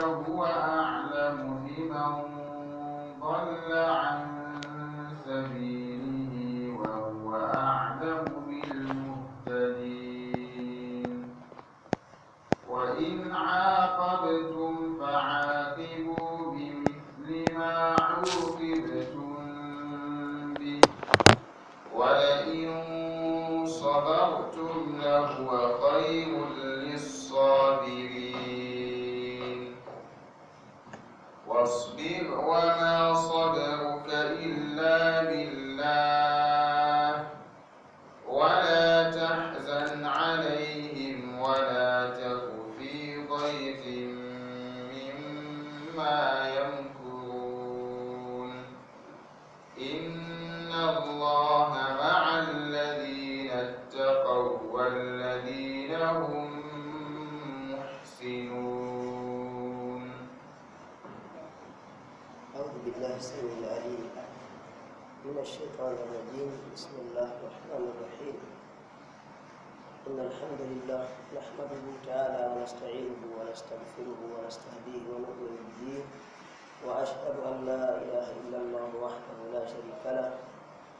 فهو أعلم بمن ضل عن سبيله واصبر وما إن الحمد لله نحمده تعالى ونستعينه ونستغفره ونستهديه ونؤمن به وأشهد أن لا إله إلا الله وحده لا شريك له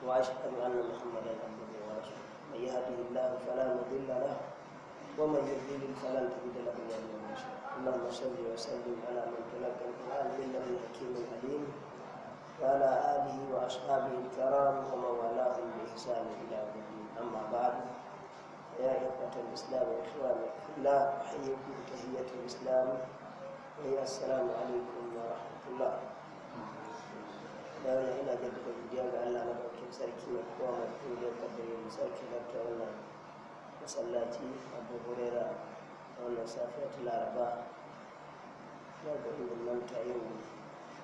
وأشهد أن محمدا عبده ورسوله من يهده الله فلا مضل له ومن يضلل فلن تجد له وليا مرشدا اللهم صل وسلم على من تلقى القرآن من لدن حكيم عليم وعلى آله وأصحابه الكرام ومن والاهم بإحسان إلى يوم الدين أما بعد يا إخوة الإسلام وإخواني في الله أحييكم تحية الإسلام وهي السلام عليكم ورحمة الله dawo ina da duka godiya ga Allah madaukakin sarki mai kowa mai kuma da kaddare mu sarki da ta wannan masallaci Abu Huraira da wannan safiya ta Laraba yau da inda nan ta yin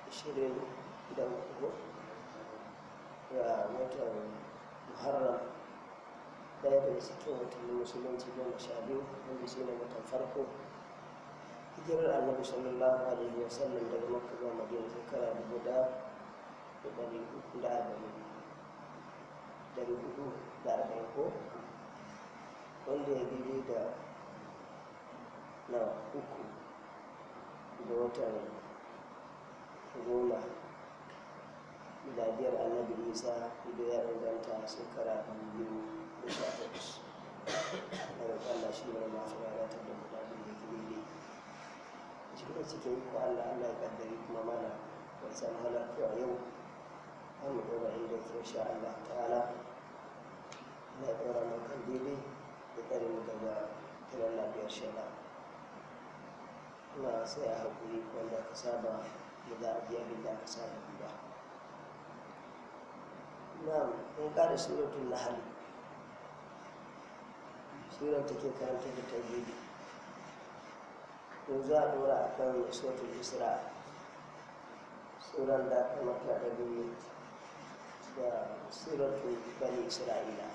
shirin da uku ga watan Muharram daya daga cikin watannin musulunci goma sha biyu wanda shi ne watan farko hijirar annabi sallallahu alaihi wa sallam daga makka zuwa madina shekara dubu da dari uku da arba'in dari hudu da arba'in ko wanda ya daidai da na uku da watan goma biyar annabi isa da ya inganta shekara biyu Allah shi ne masu ranar da mu damu da ke wuri cikin cikin ko Allah Allah ya kuma mana wani samu yau an mu ɗora inda ke insha Allah ta'ala kan tsare mu ina sai a haƙuri wanda ka saba da za a biya da aka saba ba na mun ƙara suratun lahadi. surar take karanta da tauhidi yanzu a dora a kan suratul isra surar da aka mata da biyu da suratul bani isra'ila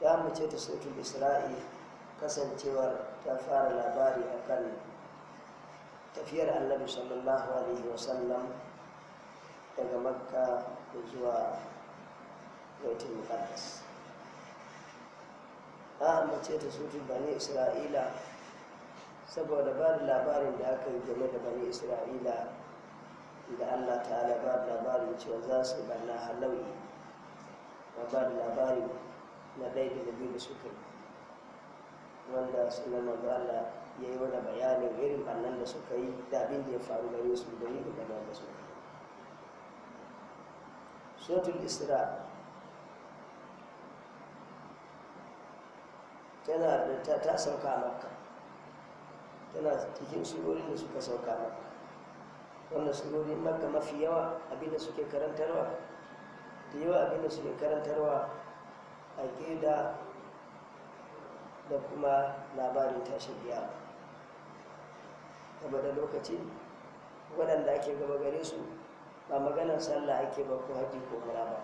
ya mace ta suratul isra'i kasancewar ta fara labari a kan tafiyar annabi sallallahu alaihi wasallam daga makka zuwa baitul muqaddas an ambace ta sutun bani isra'ila saboda ba da labarin da aka yi game da bani isra'ila da allah ta'ala ba da labarin cewa za su balla halawi ba ba da labarin na ɗaya da biyu da suka yi wanda suna manzo allah ya yi wani bayanin irin bannan da suka yi da abin da ya faru gare su da ni da da suka yi suratul isra tana da ta, ta sauka a makka tana cikin surori da suka sauka makka wannan surori makka mafi yawa abinda suke karantarwa da yawa abinda suke karantarwa a ƙida da kuma labarin tashin biya game da lokaci waɗanda ake gaba gare su ba maganar sallah ake ba ko haji ko mura ba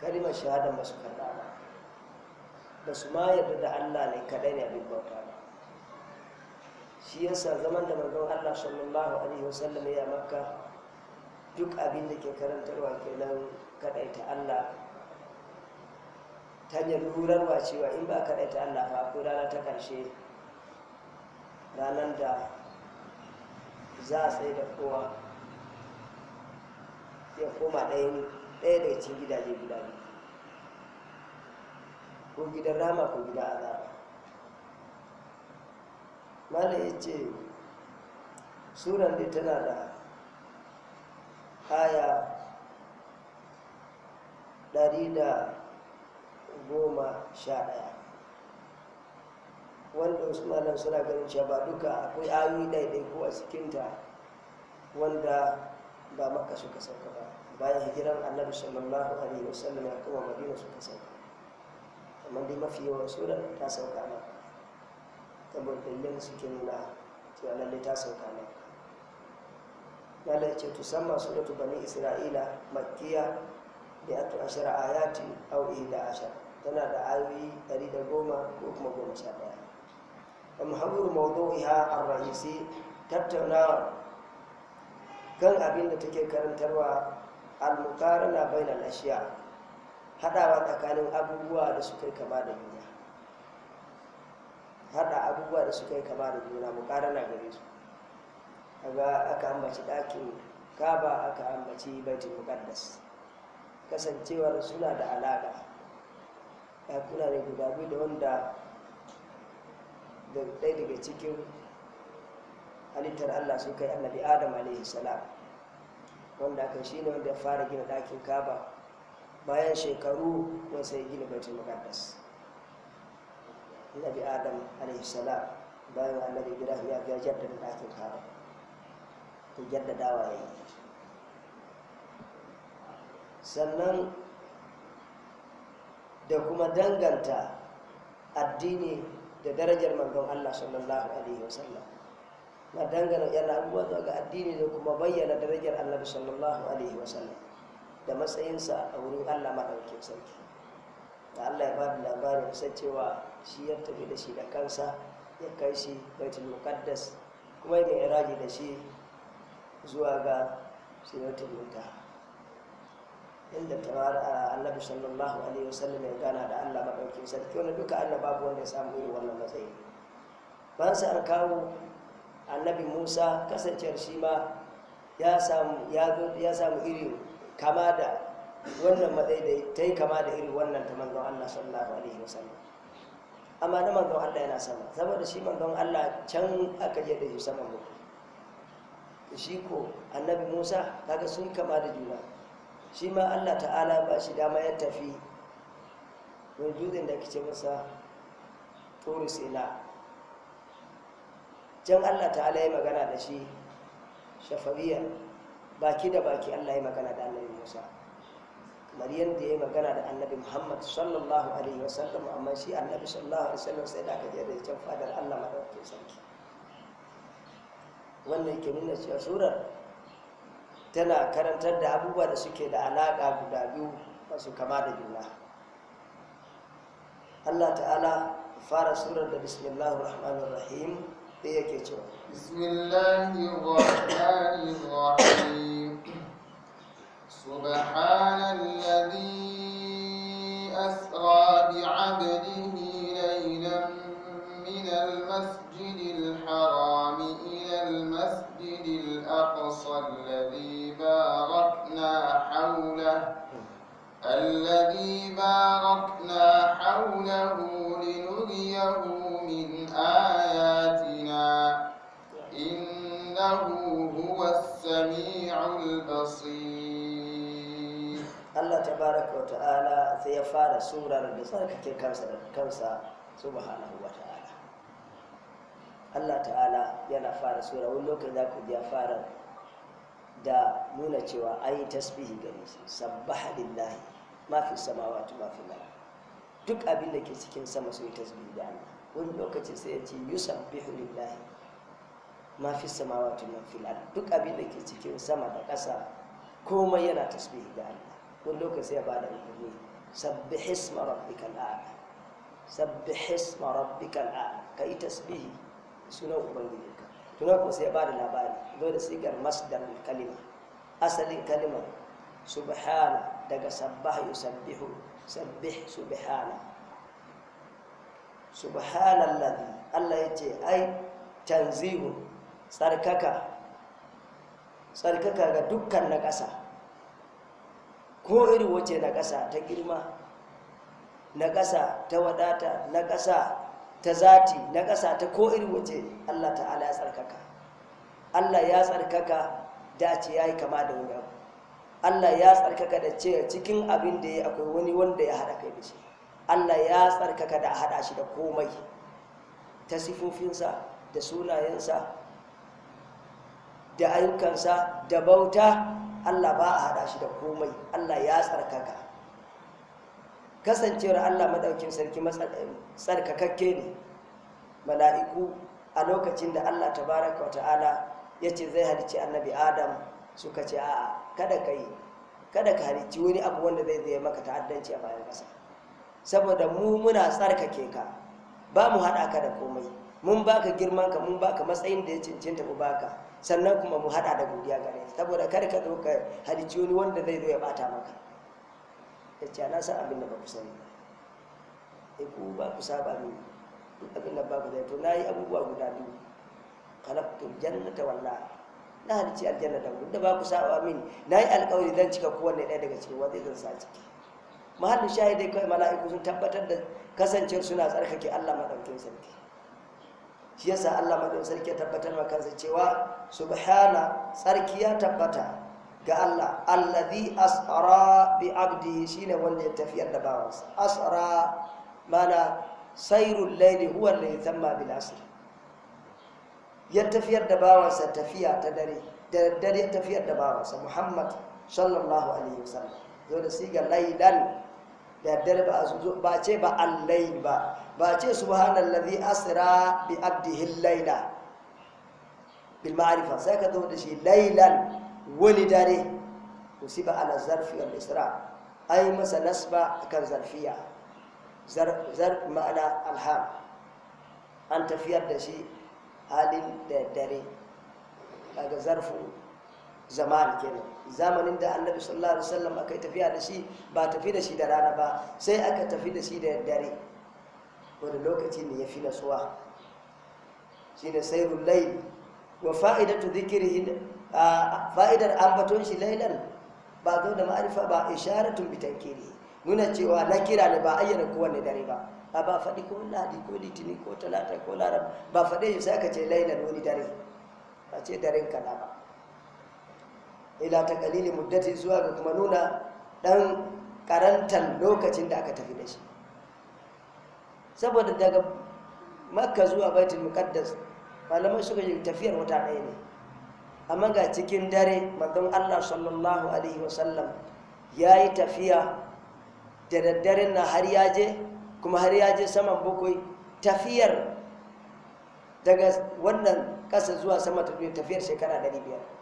kalimar shahada ba su karɓa ba ba su ma yarda da Allah ne kaɗai ne abin bauta ba shi yasa zaman da manzon Allah sallallahu alaihi sallam ya maka duk abin da ke karantarwa kenan kaɗai ta Allah ta hanyar rurarwa cewa in ba kaɗai ta Allah fa ko rana ta ƙarshe ranar da za a tsaye da kowa ya koma ɗaya daga cikin gidaje guda biyu ko gidan rama ko gida azaba mala ya ce suran dai tana da aya ɗari da goma sha ɗaya wanda usmanan suna ganin cewa ba duka akwai ayoyi daidai ko a cikinta wanda ba maka suka sauka ba bayan hijiran annabi sallallahu alaihi wasallam ya kuma madina suka sauka amma dai mafi yawan surar ta sauka nan saboda dalilan suke nuna cewa lallai ta sauka nan lalai ce tusamma suratu bani isra'ila makkiya da ato ashara ayati au da ashar tana da ayoyi ɗari da goma ko kuma goma sha ɗaya wa muhammadu mawdu'iha ar-rahisi tattaunawa kan abin da take karantarwa al-muqarana bainal ashiya' haɗawa tsakanin abubuwa da su kai kama da juna haɗa abubuwa da su kai kama da juna na gare su kaga aka ambaci ɗakin kaba aka ambaci baitul kasancewa kasancewar suna da alaƙa ɗakuna ne guda biyu da wanda ɗaya daga cikin halittar allah kai allah annabi adam alaihi salam wanda aka shi ne wanda ya fara gina ɗakin kaba bayan shekaru kuma sai gina baitul muqaddas annabi adam Alayhi salam bayan annabi ibrahim ya ga da dakin kaaba to jaddadawa yayi sannan da kuma danganta addini da darajar manzon Allah sallallahu alaihi wasallam na dangana yana abubuwa ga addini da kuma bayyana darajar Allah sallallahu alaihi wasallam da matsayinsa a wurin allah maɗaukin sarki da allah ya ba da labarin kusan cewa shi ya tafi da shi da kansa ya kai shi baitul muqaddas kuma ya iraki da shi zuwa ga sinatul muntaha inda tawar annabi sallallahu alaihi wasallam ya gana da Allah maɗaukin sarki wani duka Allah babu wanda ya samu irin wannan matsayi ban sa an kawo annabi Musa kasancewar shi ma ya samu ya samu irin kama da wannan matsayi ta yi kama da irin wannan ta manzon Allah sallallahu alaihi sallam amma na manzon Allah yana sama saboda shi manzon Allah can aka je da shi sama mu shi ko annabi Musa kaga sun kama da juna shi ma Allah ta'ala ba shi dama ya tafi wani dutsen da kike ce masa turu ila can Allah ta'ala ya magana da shi shafariya baki da baki Allah ya magana da annabi Musa kamar yadda ya magana da annabi Muhammad sallallahu alaihi wasallam amma shi annabi sallallahu alaihi wasallam sai da aka je da can fadar Allah madaukakin sarki wannan yake nuna cewa surar tana karantar da abubuwa da suke da alaƙa guda biyu masu kama da juna Allah ta'ala fara surar da bismillahir rahmanir rahim بسم الله الرحمن الرحيم سبحان الذي أسرى بعبده ليلا من المسجد الحرام إلى المسجد الأقصى الذي باركنا حوله الذي باركنا حوله لنريه من آياته ta'ala sai ya fara هو da البصير ka تبارك وتعالى سيفعل kansa su كنسا كنسا سبحانه ta'ala, Allah ta'ala yana fara sura wani lokacin za ku ya fara da nuna cewa an yi tasbihi gare shi sabbaha lillahi ma fi samawati ma fi duk abin da ke cikin sama sun yi tasbihi da Allah wani lokacin sai ya ce yusabbihu lillahi ma fi samawa ma fil duk abin da ke cikin sama da ƙasa komai yana tasbihi ga Allah wani lokaci ya bada umarni sabbih isma rabbikal a'la sabbih isma rabbikal a'la yi tasbihi sunan ka tunan kuma sai ya bada labari zo da sigar masdar kalima asalin kalima subhana daga sabbaha yusabbihu sabbih subhana subhanalladhi Allah yace ai tanzihun tsarkaka tsarkaka ga dukkan na ƙasa ko iri wace na ƙasa ta girma na ƙasa ta wadata na ƙasa ta zati na ƙasa ta ko iri wace Allah ta'ala ya tsarkaka Allah ya tsarkaka dace ya yi kama da wuri abu Allah ya tsarkaka da ce cikin abin da ya akwai wani wanda ya haɗa kai da shi Allah ya tsarkaka da haɗa shi da komai ta sifofinsa da sunayensa da ayyukansa da bauta Allah ba a haɗa shi da komai Allah ya tsarkaka kasancewar Allah maɗaukin sarki tsarkakakke ne mala'iku a lokacin da Allah tabaraka wa ta'ala ya ce zai halicci annabi adam suka ce a'a kada ka yi kada ka halicci wani abu wanda zai zai maka ta'addanci a bayan ƙasa saboda mu muna tsarkake ka ba mu haɗa ka da komai mun baka girman mun baka matsayin da ya cancanta mu baka sannan kuma mu haɗa da godiya gare shi saboda kar ka zo ka halicci wani wanda zai zo ya bata maka ya ce na san abin da ba ku sani ba ku ba ku saba ne duk abin da ba ku zai to na yi abubuwa guda biyu khalaqtul jannata wan na halicci aljanna da duk da ba ku saba min na yi alƙawari zan cika kowanne ɗaya daga cikin wanda zan sa ciki mahallin shahidai kawai mala'iku sun tabbatar da kasancewar suna tsarkake Allah madaukin sarki shi yasa Allah madaukakin sarki ya tabbatar wa kansa cewa subhana sarki ya tabbata ga Allah alladhi asra bi abdi shine wanda ya tafiyar da bawansa asra mana sairul layli huwa alladhi thamma bil asr ya tafiyar da bawansa tafiya ta dare da dare tafiyar da bawansa Muhammad sallallahu alaihi wasallam zo da siga laylan a dare ba ce ba allai ba ba ce subhanallazi asira bi abdihi laila bil sai ka zo da shi lailan wani dare musiba ala zarfi wal isra ai masa nasba kan zarfiya zar ma'ana alham an tafiyar da shi halin da dare kaga zarfu zaman kenan zamanin da annabi sallallahu alaihi wasallam aka yi tafiya da shi ba tafi da shi da rana ba sai aka tafi da shi da dare wani lokaci ne ya fi nasuwa shi ne sai rullai wa fa'idatu zikiri fa'idar ambaton shi lailan ba zo da ma'arifa ba isharatun bitankiri nuna cewa na kira ne ba ayyana kowane dare ba a ba faɗi ko ladi ko litini ko talata ko larab ba faɗe shi sai aka ce lailan wani dare ba ce daren kala ba ila ta kalili muddati zuwa ga kuma nuna dan karantar lokacin da aka tafi da shi saboda daga makka zuwa baitul muqaddas malamai suka yi tafiyar wata daya ne amma ga cikin dare manzon Allah sallallahu alaihi wasallam ya yi tafiya da daddaren na har yaje kuma har yaje saman bakwai tafiyar daga wannan kasa zuwa sama tafiyar shekara 500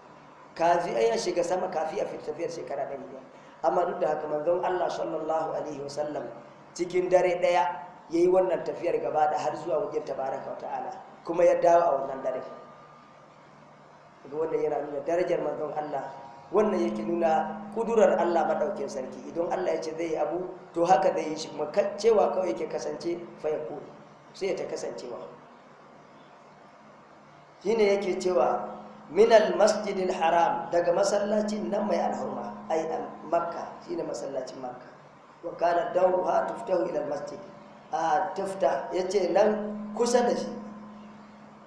kafi ai ya shiga sama kafi a tafiyar shekara ɗari biyar amma duk da haka manzon Allah sallallahu alaihi wasallam cikin dare ɗaya ya yi wannan tafiyar gaba da har zuwa wajen tabaraka wa ta'ala kuma ya dawo a wannan dare daga wannan yana nuna darajar manzon Allah wannan yake nuna kudurar Allah maɗaukin sarki idan Allah ya ce zai yi abu to haka zai yi shi kuma cewa kawai yake kasance fa ya sai ya ta kasancewa shine yake cewa من المسجد الحرام haram daga masallacin nan mai alhurma ai makka shine masallacin makka wa kana dawha tuftahu ila masjid a tufta yace nan kusa da shi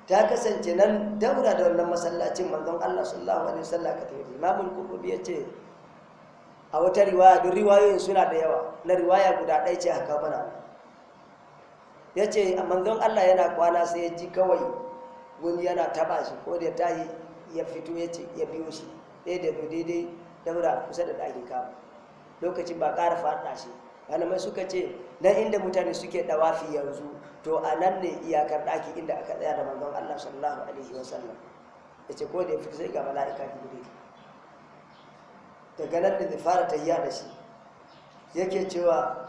ta kasance nan daura da wannan masallacin manzon Allah sallallahu alaihi wasallam ka tafi imamul qurtubi yace a wata riwaya duk riwayoyin suna da yawa na riwaya guda ɗaya ce haka bana yace manzon Allah yana kwana sai ya ji kawai wani yana taba shi ko da tayi ya fito ya ce ya biyo shi ɗaya da daidai daura kusa da ɗakin kama lokacin ba ƙara faɗa shi malamai suka ce nan inda mutane suke ɗawafi yanzu to a nan ne iyakar ɗaki inda aka tsaya da manzon Allah sallallahu alaihi sallam ya ce ko da ya fito sai ga mala'ika jibril daga nan da zai fara ta tahiya da shi yake cewa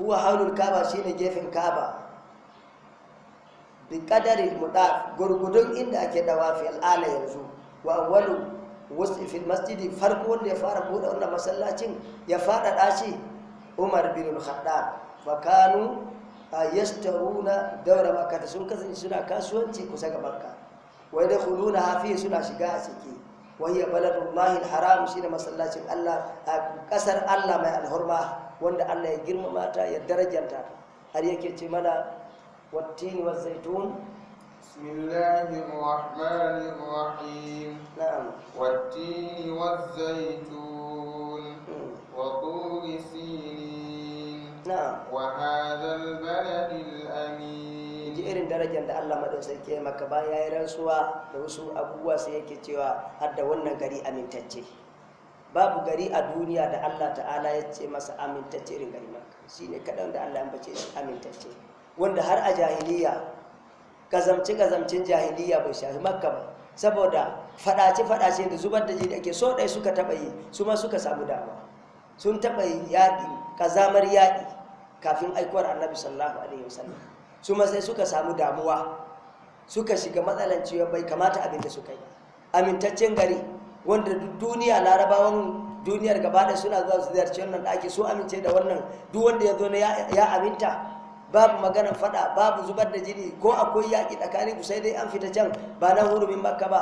huwa haulul kaba shine gefen kaba bi kadari mudaf gurgudun inda ake fi al'ala yanzu wa awwalu wasu fil masjidi farko wanda ya fara buɗe wannan masallacin ya fada shi umar bin al-khattab fa kanu yashtaruna dawra makka sun kasance suna kasuwanci kusa ga makka wa yadkhuluna hafi suna shiga a ciki wa hiya baladullahi al-haram shine masallacin Allah a kasar Allah mai alhurma wanda Allah ya girmama ta ya darajanta har yake ce mana والتين والزيتون بسم الله الرحمن الرحيم irin darajar da Allah madaukake maka ba ya yi rantsuwa da wasu abubuwa sai yake cewa har da wannan gari amintacce babu gari a duniya da Allah ta'ala ya ce masa amintacce irin gari maka shine kadan da Allah ya bace shi amintacce wanda har a jahiliya gazamci-gazamcin jahiliya bai shafi makka ba saboda fadace-fadace da zubar da jini ake so ɗai suka taɓa yi su ma suka samu dama sun taɓa yi yaƙi kazamar yaƙi kafin aikowar annabi sallallahu alaihi wasallam su ma sai suka samu damuwa suka shiga matsalan ciwon bai kamata abin da suka yi amintaccen gari wanda duniya larabawan duniyar gaba da suna zuwa su ziyarci wannan ɗaki su amince da wannan duk wanda ya zo ya aminta babu maganar fada babu zubar da jini ko akwai yaki tsakanin ku sai dai an fita can ba na hurumin makka ba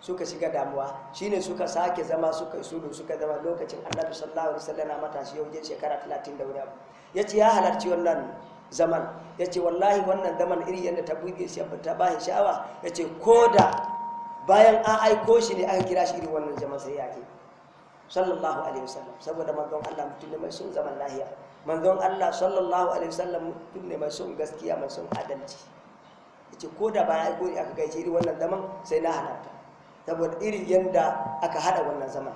suka shiga damuwa shine suka sake zama suka yi suka zama lokacin annabi sallallahu alaihi wasallam matashi yau jin shekara 30 da wuri yace ya halarci wannan zaman yace wallahi wannan zaman iri yadda ta buge shi ta bahi sha'awa ko da bayan an aiko shi ne aka kira shi iri wannan zaman sai yake sallallahu alaihi wasallam saboda manzon Allah mutum ne mai son zaman lahiya manzon Allah sallallahu alaihi wasallam mutum ne mai son gaskiya mai son adalci yace ko da ba aiko ne aka gaishe irin wannan zaman sai na halarta saboda irin yanda aka hada wannan zaman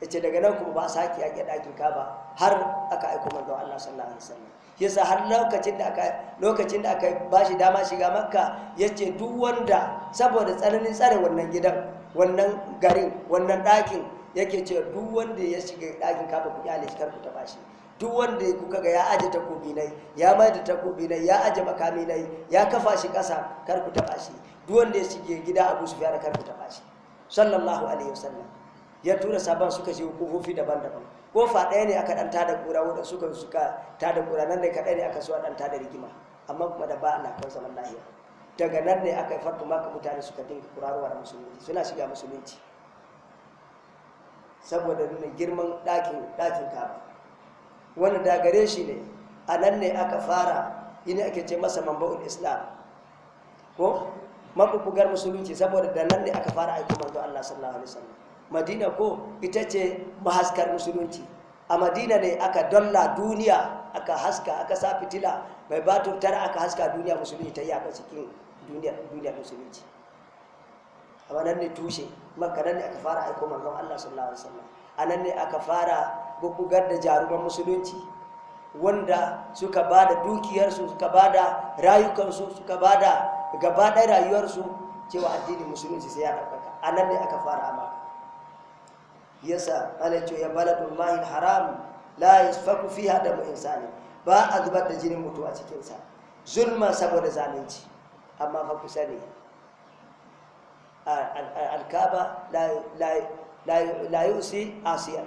yace daga nan kuma ba a sake yake ɗakin kaba har aka aiko manzon Allah sallallahu alaihi wasallam yasa har lokacin da aka lokacin da aka bashi dama shiga makka yace duk wanda saboda tsananin tsare wannan gidan wannan garin wannan dakin yake ce duk wanda ya shiga ɗakin kafa ku kyale shi karku taɓa shi duk wanda kuka ga ya aje takobi nai ya mai da takobi nai ya aje makami nai ya kafa shi kasa kar ku taba shi duk wanda ya shige gida Abu Sufyan kar ku taba shi sallallahu alaihi wasallam ya tura saban suka je kofofi daban-daban kofa ɗaya ne aka dan tada kura wanda suka suka tada kura nan ne kadai ne aka suwa dan tada rigima amma kuma da ba Allah kan zaman lahiya daga nan ne aka farko maka mutane suka dinga kurarwa da musulunci suna shiga musulunci saboda nuna girman ɗakin ɗakin kaba wanda da gare shi ne a nan ne aka fara yini ake ce masa mambo'in islam ko mabubugar musulunci saboda da nan ne aka fara aiki manzo Allah sallallahu alaihi wasallam madina ko ita ce mahaskar musulunci a madina ne aka dalla duniya aka haska aka sa fitila mai batun tara aka haska duniya musulunci ta yi a cikin duniya musulunci a nan ne tushe makka nan ne aka fara aiki manzon Allah sallallahu alaihi wasallam a nan ne aka fara bubbugar da jaruman musulunci wanda suka ba da dukiyarsu suka ba da rayukansu suka ba da gaba rayuwarsu cewa addinin musulunci sai ya ɗaukaka a nan ne aka fara amaka yasa alaicin ya baladun mahin haram la ya faku fi haɗa mu insani ba a zubar da jinin mutu a cikinsa zulma saboda zalunci amma fa ku sani alkaba la usi Asiyar.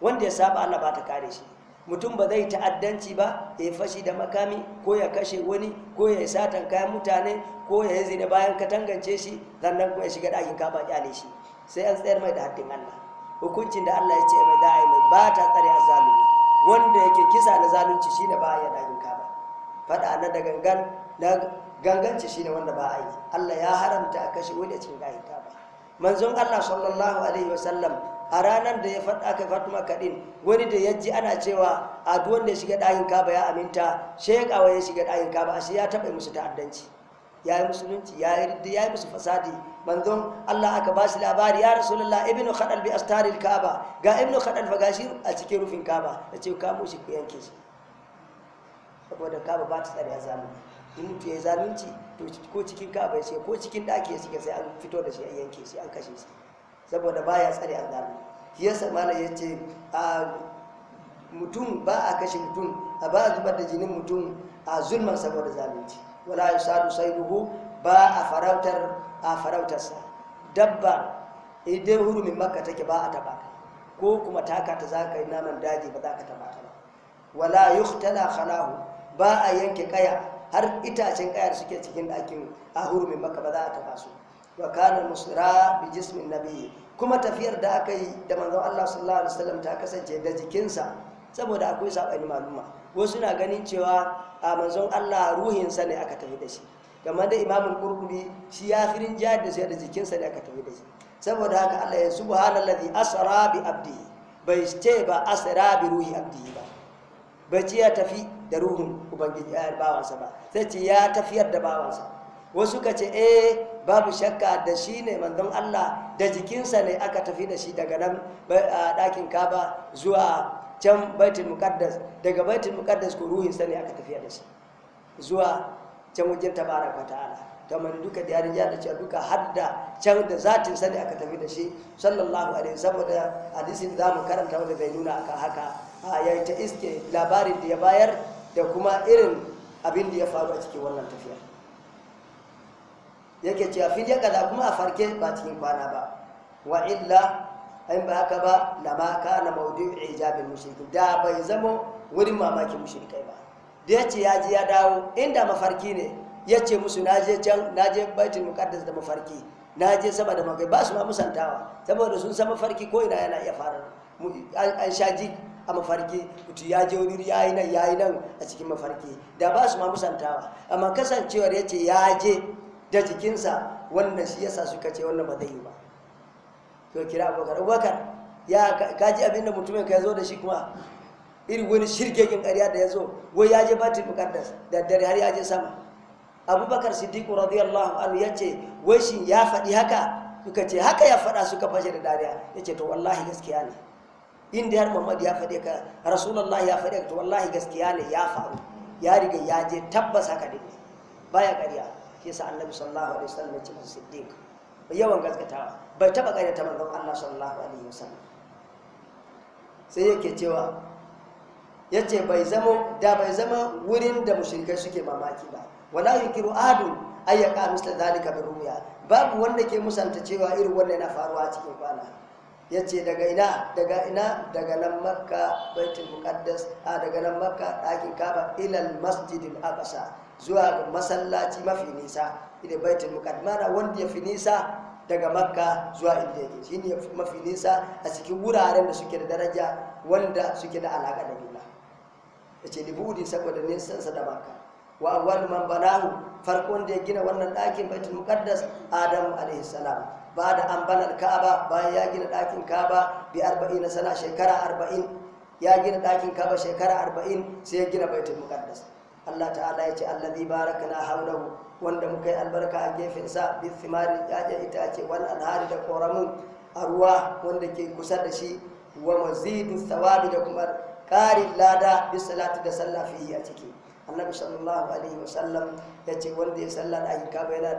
wanda ya saba Allah ba ta kare shi mutum ba zai ta'addanci ba ya yi fashi da makami ko ya kashe wani ko ya yi satan kayan mutane ko ya yi zina bayan ka tangance shi sannan kuma ya shiga ɗakin kaba kyale shi sai an tsayar mai da haddin Allah hukuncin da Allah ya ce mai yi mai ba ta tsare a zalunci wanda yake kisa na zalunci shine ba ya ɗakin kaba. faɗa na da gangan na ganganci shine wanda ba a yi Allah ya haramta a kashe wani a cikin ɗakin kaba. manzon Allah sallallahu alaihi wasallam a ranar da ya aka faɗi fatima kaɗin, wani da ya ji ana cewa a duk wanda ya shiga ɗakin kaba ya aminta shi ya shiga ɗakin kaba ashe ya taɓa musu ta'addanci ya yi musulunci ya yi ya yi musu fasadi manzon Allah aka ba shi labari ya rasulullah ibnu khadal bi astaril kaba ga ibnu khadal fa gashi a cikin rufin kaba yace ce kamo shi ku yanke shi saboda kaba ba ta tsare zamani in mutu ya zalunci to ko cikin kaba ya ko cikin ɗaki ya shiga sai an fito da shi an yanke shi an kashe shi saboda ba baya tsare azzalimi shi yasa ya yace a mutum ba a kashe mutum a ba a zubar da jinin mutum a zulman saboda zalunci wala sai sayruhu ba a farautar a farautarsa dabba idan hurumin makka take ba a taba ko kuma taka ta za ka yi naman daji ba za ka taba ta ba wala tana khalahu ba a yanke kaya har itacen kayar suke cikin ɗakin a hurumin makka ba za a taba su wa kana musira bi jismin nabi kuma tafiyar da aka yi da manzon Allah sallallahu alaihi wasallam ta kasance da jikinsa saboda akwai sabani maluma wasu na ganin cewa a manzon Allah ruhin sa ne aka tafi da shi kamar da imamin qurbi shi ya firin jihad da sai da jikinsa ne aka tafi da shi saboda haka Allah ya subhanallazi asra bi abdi bai ce ba asra bi ruhi abdi ba bai ya tafi da ruhun ubangiji eh, bawansa ba sai ce ya tafiyar da bawansa wasu ka ce eh babu shakka da shi ne manzon Allah da jikinsa ne aka tafi da shi daga nan ɗakin kaba zuwa can baitin muqaddas daga baitin muqaddas ko ruhinsa ne aka tafi da shi zuwa can wajen tabaraka ta'ala ta man duka da yarin da cewa duka hadda can da zatin sa ne aka tafi da shi sallallahu alaihi saboda hadisin da mu karanta wanda bai nuna akan haka yayi ta iske labarin da ya bayar da kuma irin abin da ya faru a cikin wannan tafiyar. yake cewa fidya kaza kuma a farke ba cikin kwana ba wa illa in ba haka ba lama kana maudu'u ijabin mushrikin da bai zama wurin mamakin mushrikai ba da ya ce ya ji ya dawo inda mafarki ne yace musu na je can na je baitul muqaddas da mafarki na je sama da ba su ma musantawa saboda sun san mafarki ko ina yana iya fara an sha ji a mafarki mutu ya je wuri ya yi nan ya yi nan a cikin mafarki da ba su ma musantawa amma kasancewar ya ce ya je da jikinsa wannan shi yasa suka ce wannan ba zai yi ba to kira abubakar abubakar ya kaji abin da mutumin ka ya zo da shi kuma irin wani shirgegin ƙarya da ya zo wai ya je ta mukaddas da dare har ya je sama abubakar siddiqu radiyallahu anhu ya wai shi ya faɗi haka suka ce haka ya faɗa suka fashe da dariya ya ce to wallahi gaskiya ne inda har muhammad ya faɗe ka rasulullahi ya faɗe ka to wallahi gaskiya ne ya faru ya riga ya je tabbas haka ne baya ƙarya yasa annabi sallallahu alaihi wasallam ya ce masa siddiq yawan gaskatawa bai taba ta manzon Allah sallallahu alaihi wasallam sai yake cewa yace bai zama da bai zama wurin da mushrikai suke mamaki ba wala yukiru adun ayyaka misla zalika bi ruya babu wanda ke musanta cewa irin wannan yana faruwa cikin kwana yace daga ina daga ina daga nan makka baitul muqaddas a daga nan makka dakin kaba ilal masjidil aqsa zuwa masallaci mafi nisa ila baitul muqaddama wanda ya fi nisa daga makka zuwa inda yake shi ne mafi nisa a cikin wuraren da suke da daraja wanda suke da alaka da juna da ce libudi saboda nisansa da makka wa awwal man banahu farkon da ya gina wannan ɗakin baitul muqaddas adam alaihi salam ba da an bana kaaba bayan ya gina dakin kaaba bi 40 sana shekara 40 ya gina dakin kaaba shekara 40 sai ya gina baitul muqaddas Allah ta'ala ya ce allazi barakana haulahu wanda muka yi albarka a gefen sa bi thimari ya itace wal anhari da koramu a ruwa wanda ke kusa da shi wa mazidu thawabi da kuma Karin lada bi salati da salla fihi a ciki annabi sallallahu alaihi wasallam ya ce wanda ya sallar ayyuka yana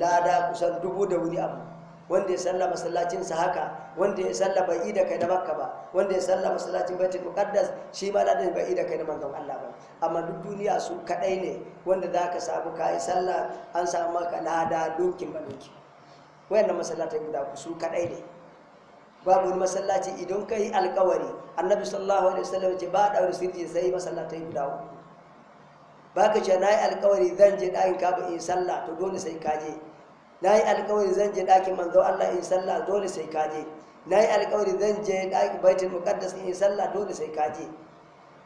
lada kusan dubu da wuri abu wanda ya salla masallacin sa haka wanda ya salla bai da kai na makka ba wanda ya salla masallacin baitul muqaddas shi ma ladan bai da kai na manzon Allah ba amma duk duniya su kadai ne wanda zaka samu kai salla an samu maka lada dokin ba doki wayannan masallatai guda su kadai ne babu wani masallaci idan kai alƙawari annabi sallallahu alaihi wasallam ce ba da sirri sai masallatai guda ku baka ce na yi zan je ka ba in sallah to dole sai ka je na yi alkawari zan je ɗakin manzo Allah in sallah dole sai ka je na yi alkawari zan je ɗakin baitul muqaddas in sallah dole sai ka je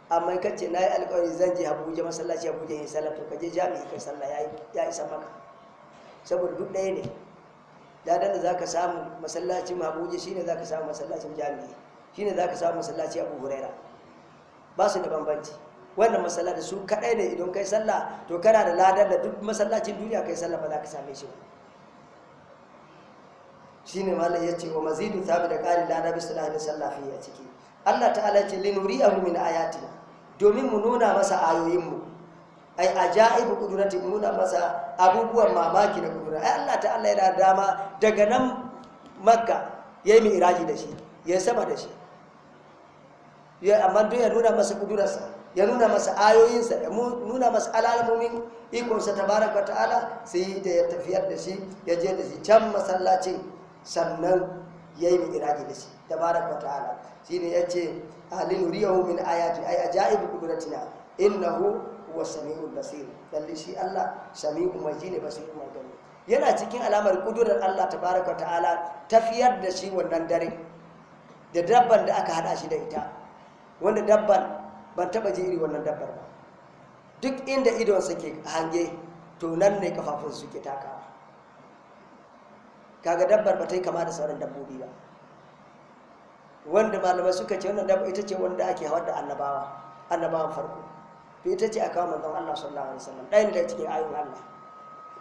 amma ka ce na yi alkawari zan je Abuja masallaci Abuja in sallah to ka je jami'i kai sallah ya isa maka saboda duk ɗaya ne dan da zaka samu masallacin Abuja shine zaka samu masallacin jami'i shine zaka samu masallaci Abu Huraira ba su da bambanci wannan masallaci su kaɗai ne idan kai sallah to kana da ladar da duk masallacin duniya kai sallah ba za ka same shi ba shine malam yace wa mazidu thabi da qali la nabi sallallahu alaihi wasallam a ciki Allah ta'ala ce linuriyahu min ayati domin mu nuna masa ayoyin mu ai ajaibu qudrati mu nuna masa abubuwan mamaki na kudura ai Allah ta'ala yana dama daga nan makka yayi mi'raji da shi ya sama da shi ya amma don ya nuna masa kudurarsa ya nuna masa ayoyinsa ya nuna masa alamomin ikonsa tabaraka ta'ala sai da ya tafiyar da shi ya je da shi can masallacin sannan yi mai iraki da shi shi ta'ala shine yace halin riyahu min ayati ay ajaib qudratina innahu huwa samiul basir dalli shi Allah samiu majini basir kuma gani yana cikin alamar kudurar Allah tabaraka ta'ala tafiyar da shi wannan dare da dabban da aka hada shi da ita wanda dabban ban taba ji iri wannan dabbar ba duk inda idon ke hange to nan ne kafafun suke takawa kaga dabbar ba ta yi kama da sauran dabbobi ba wanda malamai suka ce wannan dabba ita ce wanda ake hawar da annabawa annabawan farko to ita ce a kawo manzon Allah sallallahu alaihi wasallam ɗaya ne daga cikin ayoyin Allah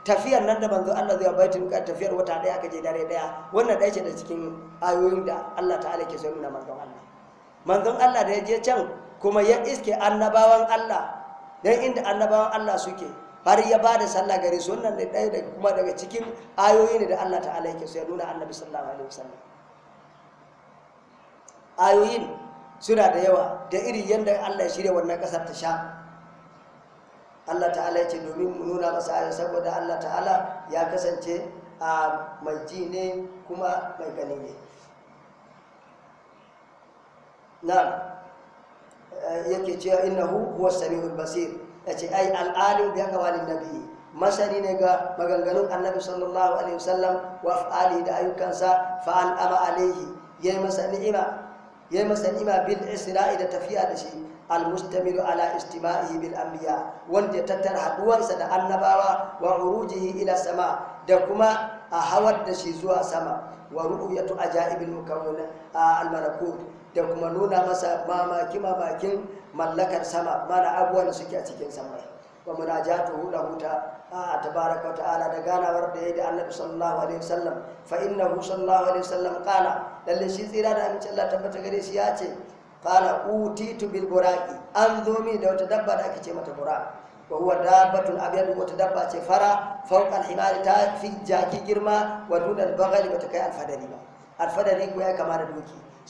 tafiyar nan da manzon Allah zai bayyana kan tafiyar wata daya aka je dare daya wannan ɗaya ce da cikin ayoyin da Allah ta'ala ke so nuna manzon Allah manzon Allah da ya je can kuma ya iske annabawan Allah dan inda annabawan Allah suke har ya ba da sallah gare su wannan ɗaya daga kuma daga cikin ayoyi ne da Allah ta'ala yake su ya nuna annabi sallallahu alaihi wasallam ayoyin suna da yawa da irin yadda Allah ya shirya wannan ƙasar ta sha Allah ta'ala ya domin mu nuna masa ayoyi saboda Allah ta'ala ya kasance a mai ji ne kuma mai gani ne na eh, yake cewa innahu huwa samiul basir ka ce ai al'alim ga aqwalin nabi masani ne ga maganganun annabi sallallahu alaihi wasallam wa af'ali da ayyukansa fa ama alaihi yayi masa ni'ima yayi masa ni'ima bil isra'i da tafiya da shi al mustamilu ala istima'ihi bil anbiya wanda tattar haduwarsa da annabawa wa urujihi ila sama da kuma a hawar da shi zuwa sama wa ru'yatu ajaibil mukawwana al malakut da kuma nuna masa mamaki mamakin mallakar sama mana abuwan da suke a cikin sama ba muna ja ta a tabaraka ta'ala da ganawar da ya yi da Annabi sallallahu alaihi wasallam fa hu sallallahu alaihi wasallam kala lalle shi tsira da amince Allah tabbata gare shi ya ce qala utitu bil buraqi an zo mi da wata dabba da ake ce mata buraq وهو ta fi jaki girma فوق الحمار تا kai جاكي جرما ba البغل بتكاي ko ya kama da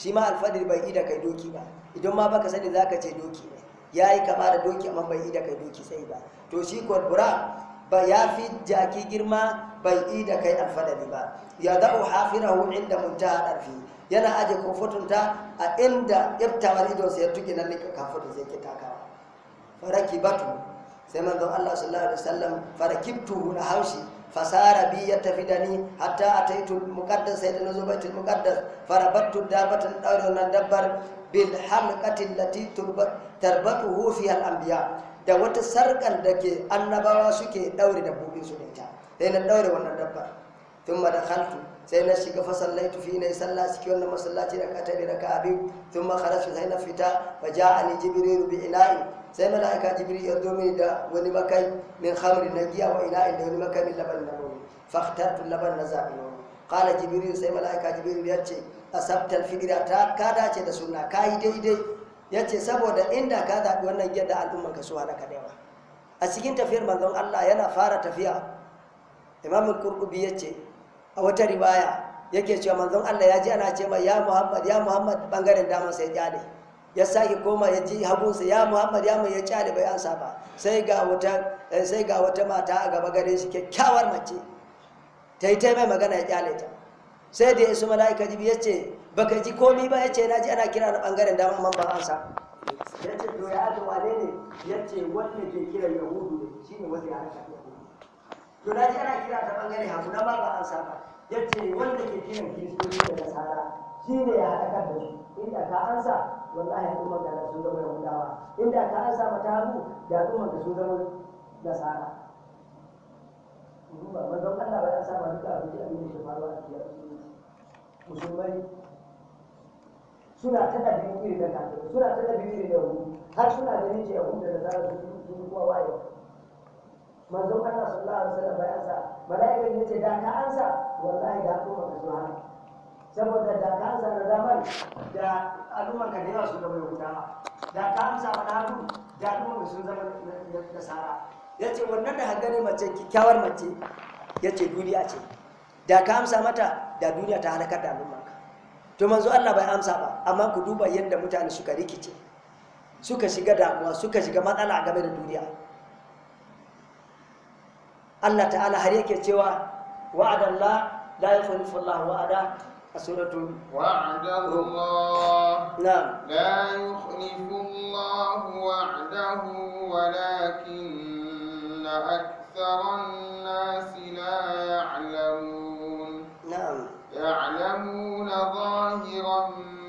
shi ma alfadari bai yi da kai doki ba idan ma baka sani za ka ce doki ne ya yi kama da doki amma bai yi da kai doki sai ba to shi kwarbura ba ya fi jaki girma bai yi da kai alfadari ba ya hafira hu inda a ɗarfi yana aje kofotunta a inda iftawar sai ya tuki nan nika kafin zai ke takawa faraki batu sai manzon allah sallallahu alaihi wasallam na haushi fasara bi ya tafi da ni hatta a taitul mukaddas sai da na zo baitul mukaddas farabattu dabatan daure wannan dabbar bil halqatin lati tarbatuhu fi al da wata sarkan da ke annabawa suke daure dabbobin su da ita sai na daure wannan dabbar da dakhaltu sai na shiga fasallaitu fi ne sallah ciki wannan masallaci da ka tabi da ka abi thumma kharajtu sai na fita fa ja'ani jibrilu bi ila'i sai mala'ika jibril ya zo mini da wani makai min khamri na giya wa ina inda wani makai min laban na nono tun laban na zabi nono qala jibril sai mala'ika jibril ya ce sabtar fidira ta ka dace da suna ka yi daidai ya ce saboda inda ka zaɓi wannan giya da al'umman ka suwa hada ka a cikin tafiyar manzon Allah yana fara tafiya Imamin kurkubi ya ce a wata Ribaya. yake cewa manzon Allah ya ji ana ce ma ya Muhammad ya Muhammad bangaren dama sai ya ne ya sake koma ya ji hagunsa ya muhammad ya mai ya ci da bai ansa ba eh, sai ga wata mata a gaba gare shi kyakkyawar mace ta yi taimai magana ya kyale ta sai da isu mala'ika jibi ya ce baka ji komi ba ya ce na ji ana kira na bangaren dama man ba sa ya ce to ya aka wane ne ya ce wanda ke kira yahudu ne shi ne wanda ya haka yahudu to na ji ana kira ta bangare hagu na ba ba ansa ba ya ce wanda ke kiran kiristoci da nasara shi ne ya haɗa da su inda ka ansa wallahi al'ummar da sun zama yahudawa inda ka ansa mata hagu ya al'ummar da sun zama nasara ba mazan Allah ba ya sa ma duka abin da abin da ke faruwa a cikin musulmai suna ta da biyu da kafin suna ta da da yahudu har suna ganin ce yahudu da nasara sun kuma kowa yau manzon Allah sallallahu alaihi wasallam bai ansa mala'ikan yace da ka ansa wallahi da ku ka zuwa saboda da ka ansa da zaman da al'umma ka da su da mai yahuda da ka ansa da hadu da al'umma sun zama da nasara yace wannan da hangane mace kikkiawar mace yace duniya ce da ka amsa mata da duniya ta halakar da al'umma to manzo Allah bai amsa ba amma ku duba yadda mutane suka rikice suka shiga damuwa suka shiga matsala game da duniya Allah ta'ala har yake cewa wa'adan la la yukhlifu Allah wa'ada a suratu wa'ada Allah na'am la yukhlifu Allah wa'adahu walakin akthara an-nas la ya'lamun na'am يعلمون ظاهرا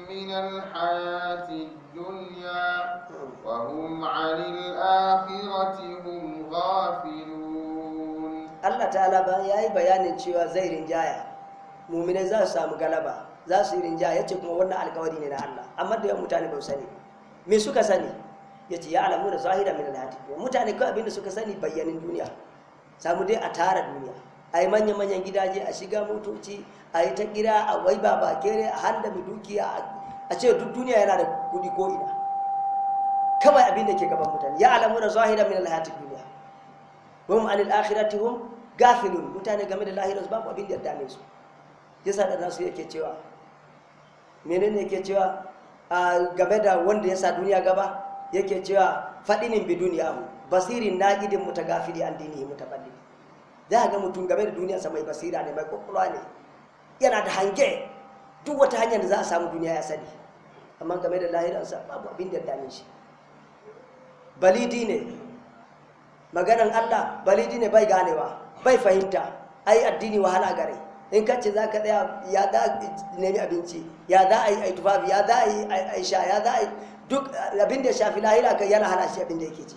من الحياة الدنيا وهم عن الآخرة هم غافلون Allah ta'ala ba ya yi bayanin cewa zai rinjaya muminai za su samu galaba za su yi rinjaya ya ce kuma wannan alkawari ne na Allah amma da yawan mutane ba sani me suka sani ya ce ya alamu da zahira min alhadi mutane kawai abinda suka sani bayyanin duniya samu dai a tara duniya a yi manya-manyan gidaje a shiga motoci a yi ta kira a wai ba kere a handa mai dukiya a ce duk duniya yana da kudi ko ina kawai abinda ke gaban mutane ya alamu da zahira min alhadi wahum anil akhirati hum gafilun mutane game da lahirar babu abin da dame su yasa da nasu yake cewa menene yake cewa game da wanda ya sa duniya gaba yake cewa fadinin bi duniyahu basirin naqidin mutagafili an dinihi mutaballi za ga mutum game da duniya duniyarsa mai basira ne mai kokolwa ne yana da hange duk wata hanyar da za a samu duniya ya sani amma game da lahirarsa babu abin da dame shi balidi ne maganan Allah balidi ne bai ganewa bai fahimta ai addini wahala gare in kace za ka tsaya ya za nemi abinci ya za a yi a tufafi ya za a yi a sha ya za a duk abin da shafi lahira kai yana hana shi abin da yake ci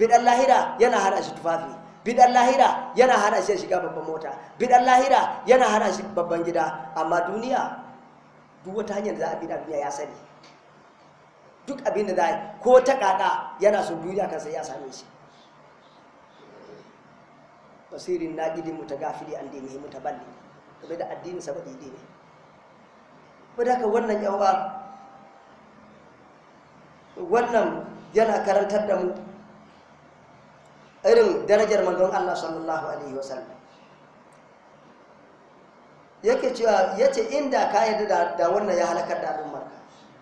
bidan lahira yana hana shi tufafi bidan lahira yana hana shi shiga babban mota bidan lahira yana hana shi babban gida amma duniya duk wata hanyar za a bi duniya ya sani duk abin da zai ko ta kaka yana son duniya kan sai ya same shi basirin na gidin mu ta gafili an dini mu ta balle kuma da addini sa bade ne ko da ka wannan yawa wannan yana karantar da mu irin darajar manzon Allah sallallahu alaihi wasallam yake cewa yace inda ka yarda da wannan ya halakar da mu.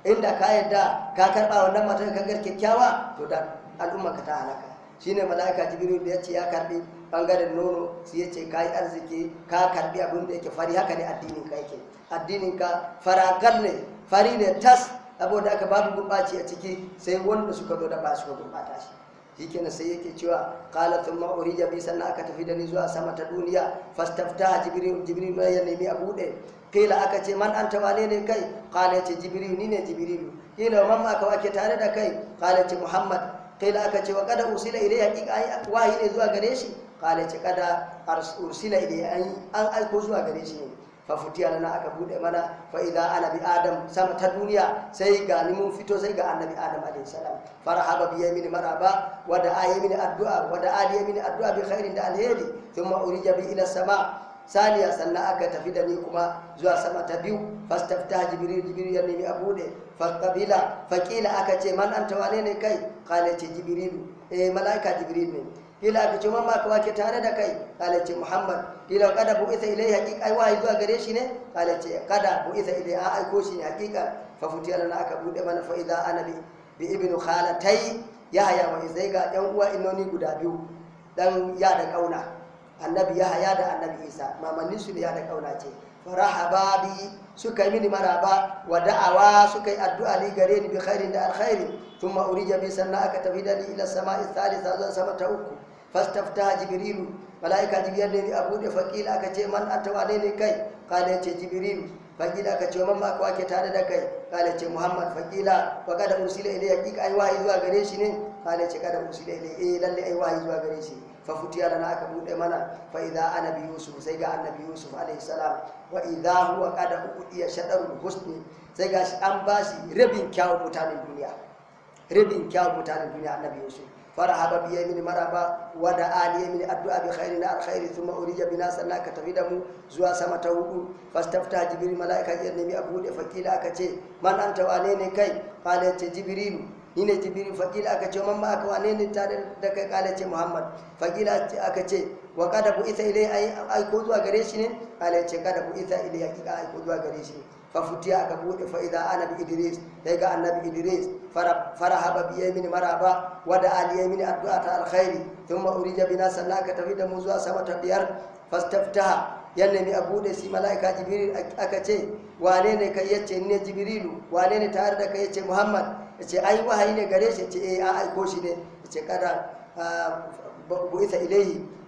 inda ka yadda ka karɓa wannan matar gar kyakkyawa to da al'ummarka ta halaka shine mala'ika jibril da ya ce ya karbi bangaren nono su yace ce ka arziki ka karbi abin da yake fari haka ne addinin ka yake addinin ka farakan ne fari ne tas saboda aka babu gurɓaci a ciki sai wanda suka zo da ba su gurbata shi shikenan sai yake cewa qala thumma urija bi sannan aka tafi da ni zuwa sama ta duniya fastafta jibril jibril ya nemi a buɗe. kila aka ce man an wane ne kai kala ya ce jibril ni ne jibril qila man aka ke tare da kai kala ya ce muhammad kila aka ce wa qad usila ilayhi haqiqa wahi ne zuwa gare shi kala ya ce kada ursila ilayhi an aiko zuwa gare shi ne futiya na aka bude mana fa idza ana bi adam sama ta duniya sai ga ni mun fito sai ga annabi adam alayhi salam farhaba bi yamin maraba wa da'a yamin addu'a wa da'a yamin addu'a bi khairin da alheri thumma urija bi ila sama saniya sannan aka tafi da ni kuma zuwa sama ta biyu fastafta jibril jibril ya nemi abu ne fastabila fakila aka ce man an tawane ne kai kala ce jibril eh malaika jibril ne kila aka ce man ma kawa tare da kai kala ce muhammad kila kada bu isa ilai hakika ai wahayi zuwa gare shi ne kala ce kada bu isa ilai a aiko shi ne hakika fa futi alana aka bude mana fa idza anabi bi ibnu khalatai yahya wa izaiga yan uwa inoni guda biyu dan ya da kauna annabi yahaya da annabi isa mamanni su ne ya da kauna ce farahaba bi suka yi mini maraba wa da'awa suka yi addu'a ni gare ni bi khairin da alkhairi thumma urija bi sanna aka tafi da ni ila sama'i thalitha zuwa sama ta uku fastafta jibrilu malaika jibril ne a bude Fakila aka ce man anta wane ne kai kale ce jibrilu faqil aka ce man ma ka wake tare da kai kale ce muhammad Fakila. wa kada ursila ilayya kika ai wahayi zuwa gare shi ne kale ce kada ursila ilayya eh lalle ai wahayi zuwa gare shi ne fa futiya na aka buɗe mana fa idza annabi yusuf sai ga annabi yusuf alaihi salam wa idza huwa qad uqiya shadarul sai ga shi an bashi rabin kyawun mutanen duniya rabin kyawun mutanen duniya annabi yusuf فرحب بيمين مرحبا ودعا ليمين الدعاء بخير على الخير ثم أريد بنا سناك تفيدم زوا سما تهود فاستفتى جبريل ملائكة aka ce. فكيلا كتي من أنت وانيني كي قال جبريل ni ne jibril faƙila aka ce mamma aka wane ne tare da kai kala ce muhammad faƙila aka ce wa kada ku isa ilai aiko zuwa gare shi ne kala ce kada ku isa ilai hakika aiko zuwa gare shi ne fa futiya aka bude fa idan annabi idris sai ga annabi idris farahaba bi mini maraba wada da ali mini addu'a ta alkhairi thumma urija bina sallaka tafi da mu zuwa sama ta biyar fastaftaha Yanne nemi a bude si mala'ika jibiril aka ce wane ne ka yace ne jibrilu wane ne tare da ka yace muhammad ya ce ai wahayi ne gare shi ce eh, a aiko shi ne ya ce kada ah, bu isa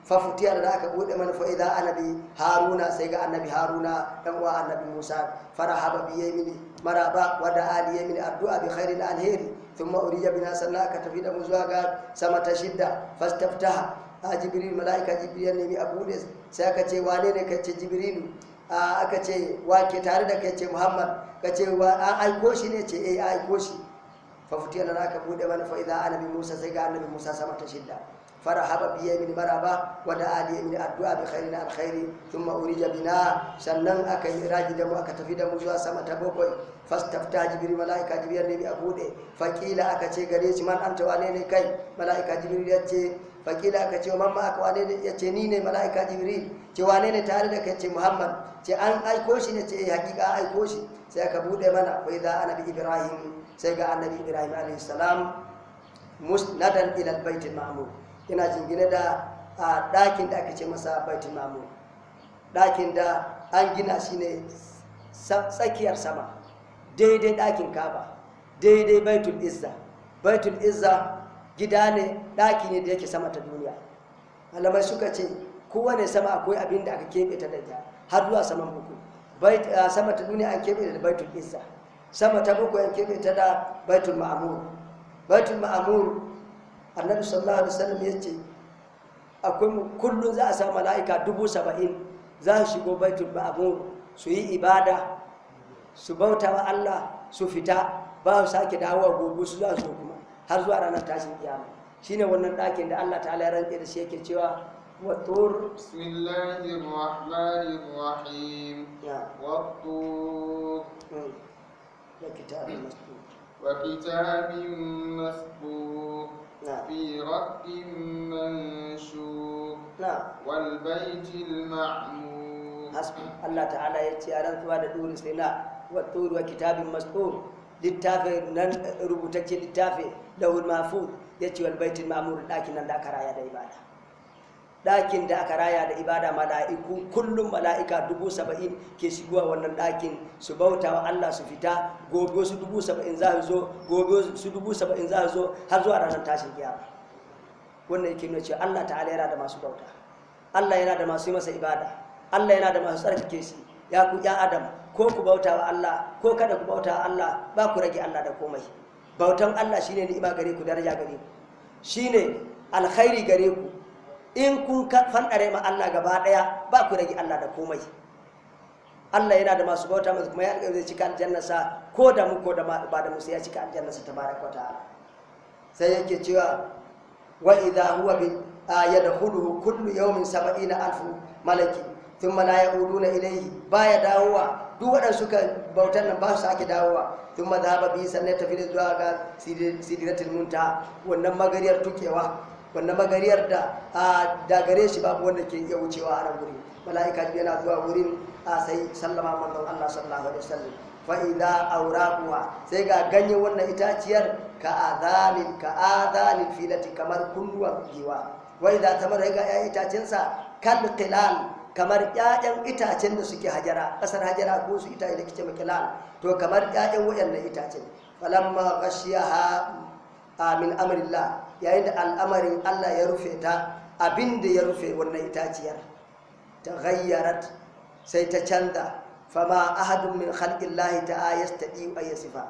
fa da aka bude mana fa idza annabi haruna sai ga annabi haruna dan uwa annabi musa farahaba biye mini maraba wa da ali yamini addu'a bi khairil alheri thumma uriya bina mu tafida ga sama ta tashidda fastaftaha a ah, jibril mala'ika jibril ne nemi abu ne sai aka ce wane ne ka ce a ah, aka ce wa ke tare da kai ce muhammad ka ce wa a aiko shi ne ce eh aiko shi fa futi nan aka bude mana fa idan annabi musa sai ga annabi musa sama ta shidda farahaba bi yamin maraba wa da ali yamin addu'a bi khairin al khairi thumma urija bina sannan aka yi raji da mu aka tafi da mu zuwa sama ta bakwai fastafta jibril malaika jibril ne bi abude fa aka ce gare shi man anta wane ne kai malaika jibril ya ce fakila aka ce wa wane ne ya ni ne mala'ika jibril ce wane ne tare da kai ce muhammad ce an aiko shi ne ce eh hakika an aiko shi sai aka bude mana bai za annabi ibrahim sai ga annabi ibrahim alaihi salam musnadan ila albayt mamur ina jingine da dakin da aka ce masa baitin mamur dakin da an gina shi ne tsakiyar sama daidai dakin kaba daidai baitul izza baitul izza gida ne ɗaki ne da yake sama ta duniya malamai suka ce kowane sama akwai abin da aka keɓe ta daga har zuwa saman buku sama ta duniya an keɓe da baitul izza sama ta buku an keɓe ta da baitul ma'amur baitul ma'amur annabi sallallahu alaihi wasallam ya ce akwai kullum za a samu mala'ika dubu saba'in za su shigo baitul ma'amur su yi ibada su bauta wa Allah su fita ba su sake dawowa gobe su za su har zuwa ranar tashin kiyama ne wannan dakin da Allah ta'ala ya rantse da shi yake cewa wattur bismillahir rahmanir ya wattur a kitabin masbu wa kitabin masbu في رق منشور littafin nan rubutacce littafin lahul mafud ya ce wal baitul ma'mur ɗakin nan da aka raya da ibada ɗakin da aka raya da ibada mala'iku kullum mala'ika dubu saba'in ke shigowa wannan ɗakin su bauta wa Allah su fita gobe su dubu saba'in za zo gobe su dubu saba'in za zo har zuwa ranar tashin kiyama wannan yake nuna cewa Allah ta'ala yana da masu bauta Allah yana da masu yi masa ibada Allah yana da masu tsarkake shi ya ku ya adam ko ku bauta wa Allah ko kada ku bauta wa Allah ba ku rage Allah da komai bautan Allah shine ni'ima gare ku daraja gare ku shine alkhairi gare ku in kun fandare ma Allah gaba daya ba ku rage Allah da komai Allah yana da masu bauta masu kuma ya alƙawari zai cika ko da mu ko da ba da musu ya cika ta baraka ta sai yake cewa wa idha huwa bi yadkhuluhu kullu yawmin 70000 malaki thumma la yauduna ilayhi ya dawowa duk waɗanda suka bautar nan ba su sake dawowa tun ma zaba biyu sannan tafi da zuwa ga sidiratul munta wannan magariyar tukewa wannan magariyar da da gare shi babu wanda ke iya wucewa a nan gurin mala'ika yana zuwa wurin a sai sallama manzon Allah sallallahu alaihi wasallam fa idza awraquha sai ga ganyen wannan itaciyar ka azalin ka adhalil filati kamar kunduwa giwa wai da tamar ga ya itacin sa kal qilal kamar ƴaƴan itacen da suke hajara ƙasar hajara ko su itace da kice to kamar ƴaƴan wayannan itacen falamma ghashiyaha amin amrillah yayin da al'amarin Allah ya rufe ta abinda ya rufe wannan itaciyar ta ghayyarat sai ta canza fama ahadun min khalqillahi ta yastadi wa yasifa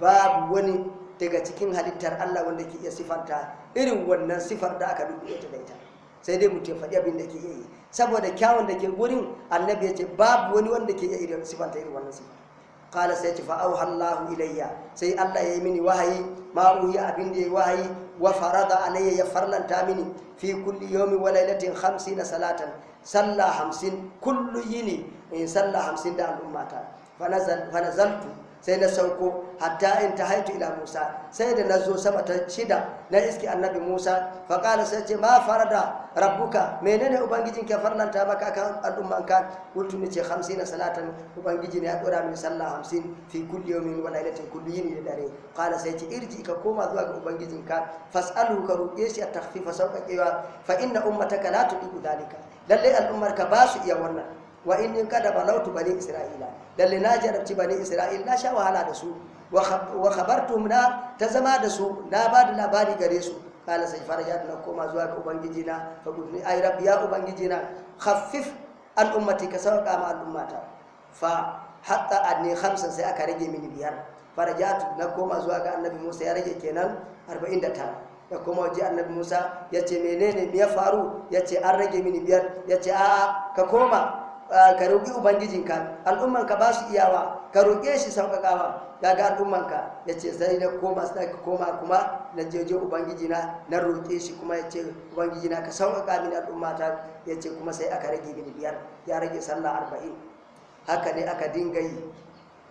babu wani daga cikin halittar Allah wanda ke iya sifanta irin wannan sifar da aka dubo ta da ita sai dai mutum faɗi abin da ke iya yi saboda kyawun da ke gurin annabi ya ce babu wani wanda ke iya irin sifanta irin wannan sifa kala sai ce fa'au hallahu ilayya sai Allah ya yi mini wahayi ma abin da ya yi wahayi wa farada alayya ya farlanta mini fi kulli yawmi wa lailatin 50 salatan sallah hamsin kullu yini in eh, sallah hamsin da al'ummata fa nazaltu sai na sauko hatta in ta haitu ila musa sai da na zo sama ta shida na iski annabi musa faƙala sai ce ma fara da rabbuka menene ubangijin ka farlanta maka kan al'ummanka? ka kultu ce hamsin na salatan ubangiji ne ya ɗora min sallah hamsin fi kulli yawmin wani lailatin kulli yini da dare ƙala sai ce irji ka koma zuwa ga ubangijin ka fas'alu ka roƙe shi a takhfifa sauƙaƙewa fa inna ummataka la tudiku dalika Lallai al'ummar ka ba su iya wannan wa in kada balautu bani isra'ila dalle na jarabci bani isra'il na sha wahala da su wa khabartum na ta zama da su na ba da labari gare su kala sai faraja na koma zuwa ga ubangiji na fa gudni ay rab ya ubangiji na khaffif al ummati ka sauka ma al ummata fa hatta adni khamsa sai aka rage mini biyar farajatu na koma zuwa ga annabi Musa ya rage kenan 49 da kuma waje annabi musa yace ce menene ya faru yace an rage mini biyar yace ce a ka koma Ah, ka roƙi ubangijinka al'ummanka ba su iyawa ka roƙe shi sauƙaƙawa ya ga al'ummanka ya ce sai da koma sai ka koma kuma na jeje ubangijina na roƙe shi kuma ya ce ubangijina ka sauƙaƙa mini al'ummata ya ce kuma sai aka rage mini biyar ya rage sallah arba'in haka ne aka dinga yi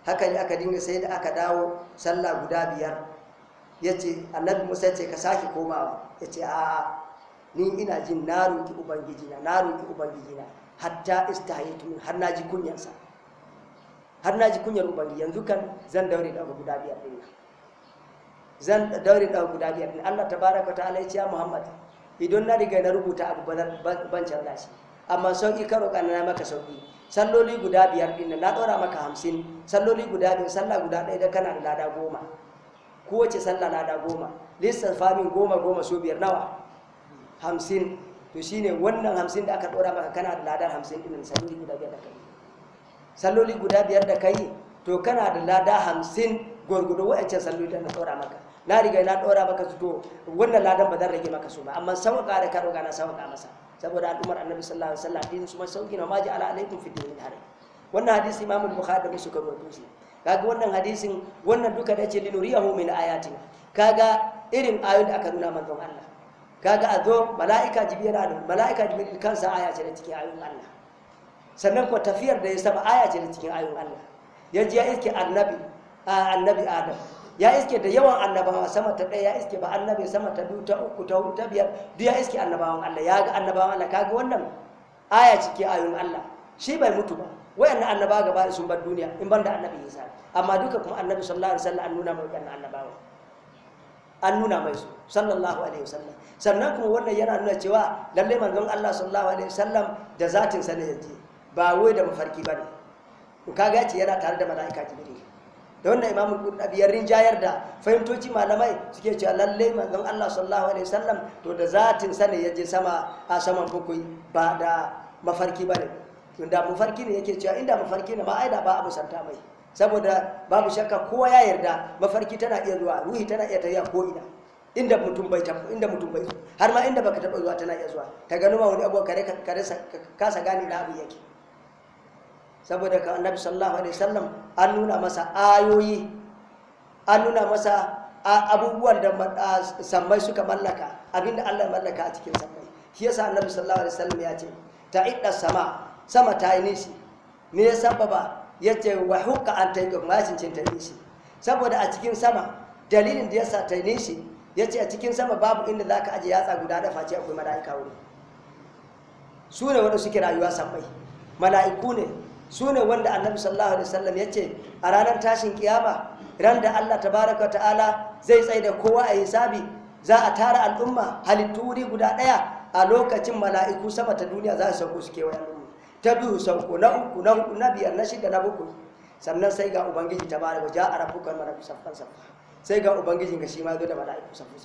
haka ne aka dinga sai da aka dawo sallah guda biyar ya ce annabi musa ya ce ka sake komawa ya ce a'a ni ina jin na roƙi ubangijina na roƙi ubangijina hatta istahaytu min har naji kunyar sa har naji kunyar ubangi yanzu kan zan daure da guda biyar din zan daure da guda biyar din Allah tabaaraka ta'ala ya ce ya Muhammad idan na riga na rubuta abu ban canza shi amma sauki karo kana maka sauki salloli guda biyar din na dora maka hamsin salloli guda biyar sallah guda ɗaya da kana da lada goma kowace sallah lada goma listan famin goma goma so biyar nawa hamsin to ne wannan hamsin da aka ɗora maka kana da ladar hamsin ɗin salloli guda biyar da kai salloli guda biyar da kai to kana da lada hamsin gwargwado wa'ancan salloli da na ɗora maka na riga na ɗora maka su to wannan ladan ba zan rage maka su ba amma sauƙa da ka roƙa na sauƙa masa saboda al'ummar annabi sallallahu alaihi wasallam din su ma sauƙi na maji ala alaikum fi dinin har wannan hadisi imamu bukhari da musu karo shi kaga wannan hadisin wannan duka da ce linuriyahu min ayatin kaga irin ayoyin da aka nuna manzon Allah kaga a zo mala'ika jibril mala'ika jibril kansa aya ce da cikin ayoyin Allah sannan ko tafiyar da ya saba aya ce da cikin ayoyin Allah ya ji ya iske annabi annabi Adam ya iske da yawan annabawa sama ta daya ya iske ba annabi sama ta biyu ta uku ta huɗu ta biyar duk ya iske annabawan Allah ya ga annabawan Allah kaga wannan aya cikin ayoyin Allah shi bai mutu ba wayannan annabawa gaba sun bar duniya in banda annabi Isa amma duka kuma annabi sallallahu alaihi wasallam an nuna mai kan annabawa an nuna mai su sallallahu alaihi wasallam sannan kuma wannan yana nuna cewa lalle manzon Allah sallallahu alaihi wasallam da zatin sa ne yake ba wai da mafarki bane to kaga yace yana tare da malaika jibril da wannan imamu qurtubi ya jayar da fahimtoci malamai suke cewa lalle manzon Allah sallallahu alaihi wasallam to da zatin sa ne yake sama a saman bakwai ba da mafarki bane tunda mafarki ne yake cewa inda mafarki ne ma aida ba abu santa mai saboda babu shakka kowa ya yarda mafarki tana iya zuwa ruhi tana iya tarihi ko ina inda mutum bai tafi inda mutum bai har ma inda baka taba zuwa tana iya zuwa ta gano ma wani abu kare kare kasa gane da abu yake saboda ka annabi sallallahu alaihi wasallam an nuna masa ayoyi an nuna masa abubuwan da sammai suka mallaka abinda Allah mallaka a cikin sammai shi yasa annabi sallallahu alaihi wasallam ya ce ta'idda sama sama ta yi nishi me ya sababa ya ce wa hukka an taiko mashin cin ta nishi saboda a cikin sama dalilin da ya sa ta nishi ya ce a cikin sama babu inda za ka aji yatsa guda da face akwai mala'ika wuri su ne wanda suke rayuwa samai mala'iku ne su ne wanda annabi sallallahu alaihi wasallam ya ce a ranar tashin kiyama ran da allah tabaraka ta'ala zai tsaye da kowa a hisabi za a tara al'umma halittu wuri guda daya a lokacin mala'iku sama ta duniya za su sauko su kewaye ta biyu sauko na uku na hudu na biyar na shida na bakwai sannan sai ga ubangiji ta bada waje a rafukan mara saffan saffa sai ga ubangijin ga shi ma zo da mala'iku saffan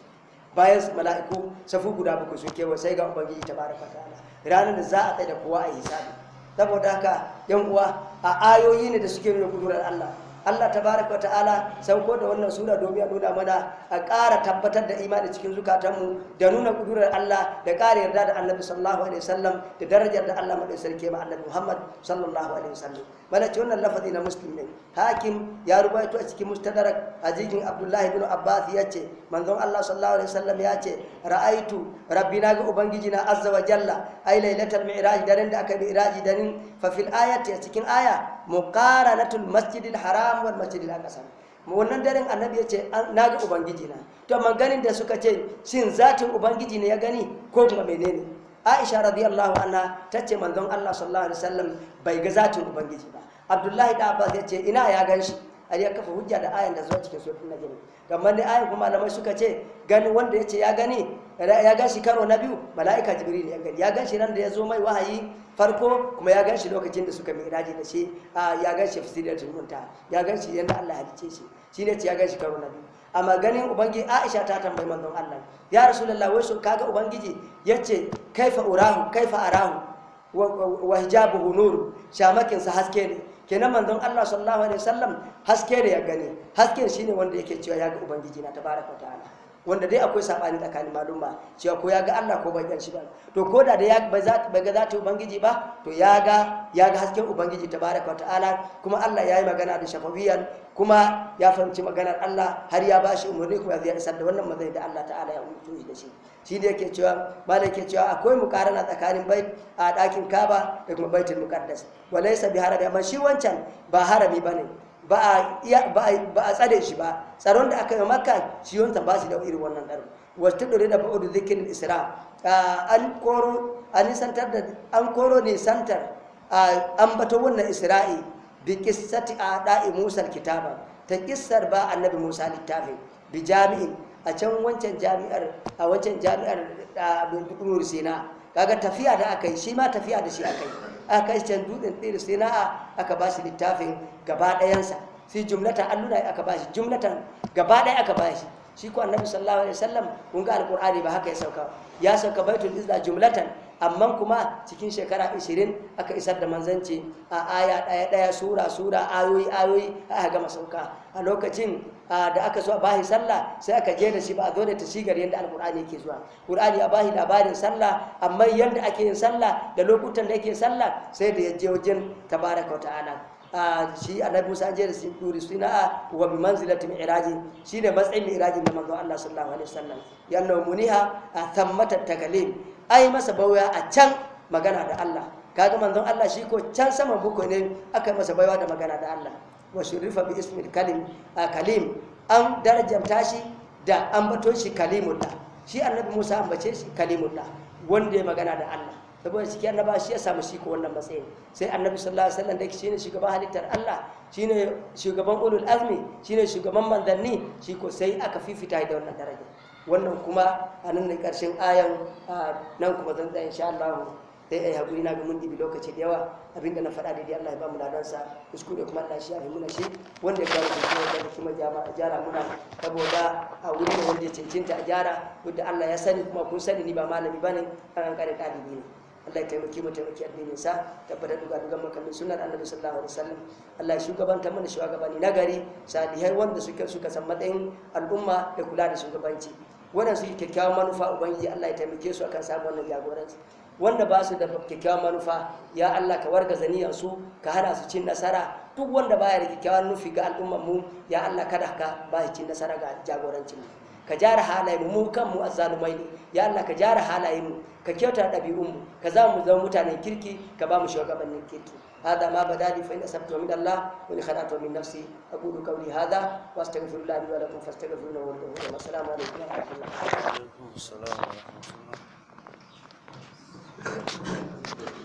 bayan mala'iku safu guda bakwai sun kewa sai ga ubangiji ta bada fatala ranar da za a tsaye da kowa a yi sabi saboda haka yan uwa a ayoyi ne da suke nuna kudurar allah Allah tabaraka wa ta'ala sauko da wannan sura domin ya nuna mana a ƙara tabbatar da imani cikin zukatanmu da nuna kudurar Allah da ƙara yarda da Annabi sallallahu alaihi wasallam da darajar da Allah madai sarki ma Annabi Muhammad sallallahu alaihi wasallam malaci wannan lafazi na ne. hakim ya rubaito a cikin mustadrak hadisin Abdullah ibn Abbas yace manzon Allah sallallahu alaihi wasallam yace ra'aitu rabbina ga ubangiji na azza wa jalla ai lailatul mi'raj daren da aka bi iraji danin fa fil ayati a cikin aya muqaranatul masjidil haram wal masjidil aqsa wannan daren annabi yace ce na ga ubangiji na to man ganin da suka ce shin zatin ubangiji ne ya gani ko kuma menene aisha radiyallahu anha ta manzon allah sallallahu alaihi wasallam bai ga zatin ubangiji ba abdullahi da abbas ya ce ina ya ganshi? ari ya kafa hujja da ayan da zuwa cikin sojin najeriya kamar da ayan kuma malamai suka ce gani wanda yace ya gani ya ganshi karo na biyu mala'ika jibril ya gani ya shi nan da ya zo mai wahayi farko kuma ya shi lokacin da suka miraji da shi ya ganshi fasilatul munta ya shi yadda Allah halice shi shine ce ya ganshi karo na biyu amma ganin ubangi Aisha ta tambayi manzon Allah ya rasulullahi wai sun kaga ubangiji yace kaifa urahu kaifa arahu wa hijabu nur shamakin sa haske ne kenan manzon Allah sallallahu alaihi wasallam haske ne ya gani shi shine wanda yake cewa ya ga ubangiji na tabaraka ta'ala wanda dai akwai sabani tsakanin malumma cewa ko ya ga Allah ko bai ganshi ba to ko da dai ba za ba ga zata ubangiji ba to ya ga ya ga hasken ubangiji tabaraka ta'ala kuma Allah ya yi magana da shafawiyan kuma ya fahimci maganar Allah har ya bashi umarni kuma ya isar da wannan mazai da Allah ta'ala ya shi da shi shi da yake cewa malai yake cewa akwai mukarana tsakanin bai a dakin kaba, da kuma baitul muqaddas walaysa bi amma shi wancan ba harabi bane ba a tsare shi ba tsaron da aka yi maka shi yonta ba su da irin wannan ɗarin wata ɗore da ba'udu zikirin isra an koro an koro ne santar an bato wannan isra'i bi kisati a ɗa'i musar kitaba ta kisar ba annabi musa littafi bi jami'in a can wancan jami'ar a wancan jami'ar da bin sina kaga tafiya da aka yi shi ma tafiya da shi aka yi aka yi can dutsen tsiri sai na aka ba shi littafin gaba ɗayansa sai jumlatan alluna aka ba shi jumlatan gaba ɗaya aka ba shi shi ko annabi sallallahu alaihi wasallam kun ga alqur'ani ba haka ya sauka ya sauka baitul izza jumlatan amma kuma cikin shekara 20 aka isar da manzanci a aya daya daya sura sura ayoyi ayoyi a gama sauka a lokacin da aka so a bahi sallah sai aka je da shi ba a zo da ta shigar yadda alkur'ani ke zuwa kur'ani a bahi labarin sallah amma yadda ake yin sallah da lokutan da ake sallah sai da ya je wajen tabaraka wata'ala shi annabi Musa an je da shi suna a wa bi manzilati mi'raji shine matsayin iraji na manzo Allah sallallahu alaihi wasallam yalla muniha thammata takalim ai masa bauya a can magana da Allah kaga manzon Allah shi ko can sama buko ne aka masa baiwa da magana da Allah wa shurifa bi ismil kalim kalim an darajanta shi da bato shi kalimullah shi annabi Musa ambace shi kalimullah wanda ya magana da Allah saboda na ba shi ya samu shi ko wannan matsayin sai annabi sallallahu alaihi wasallam da shi ne shugaban halittar Allah shi ne shugaban ulul azmi ne shugaban manzanni shi ko sai aka fifita da wannan daraja wannan kuma a nan ne karshen ayan nan kuma zan tsaya insha Allah sai ai hakuri na ga mun gibi lokaci da yawa abinda na faɗa daidai Allah ya ba mu ladan sa kuskure kuma Allah shi ya yi shi wanda ya kawo kuskure da kuma jama a jara muna saboda a wurin wanda ya cancanta a jara duk da Allah ya sani kuma kun sani ni ba malami bane kan kare ɗalibi ne Allah ya taimake mu taimake addinin sa tabbatar duka dukan makamin sunnar annabi sallallahu alaihi wasallam Allah ya shugabanta mana shugabani na gari salihai wanda suke suka san matsayin al'umma da kula da shugabanci wannan su kyakkyawan manufa ubangiji Allah ya taimake su akan samun wannan jagoranci wanda ba su da kyakkyawan manufa ya Allah ka warga zaniyar su ka hana su cin nasara duk wanda baya da kyakkyawan nufi ga al'umma, mu ya Allah kada ka ba shi cin nasara ga jagorancin mu ka jara halaye mu kanmu azzalumai ne ya Allah ka jara halaye mu ka kyauta dabi'un mu ka za mu zama mutanen kirki ka ba mu shugabannin kirki hada ma badali fa in asabtu min Allah wa in khanatu min nafsi aqulu qawli hada wa astaghfirullah li wa lakum fastaghfiruhu wa lahu assalamu wa rahmatullahi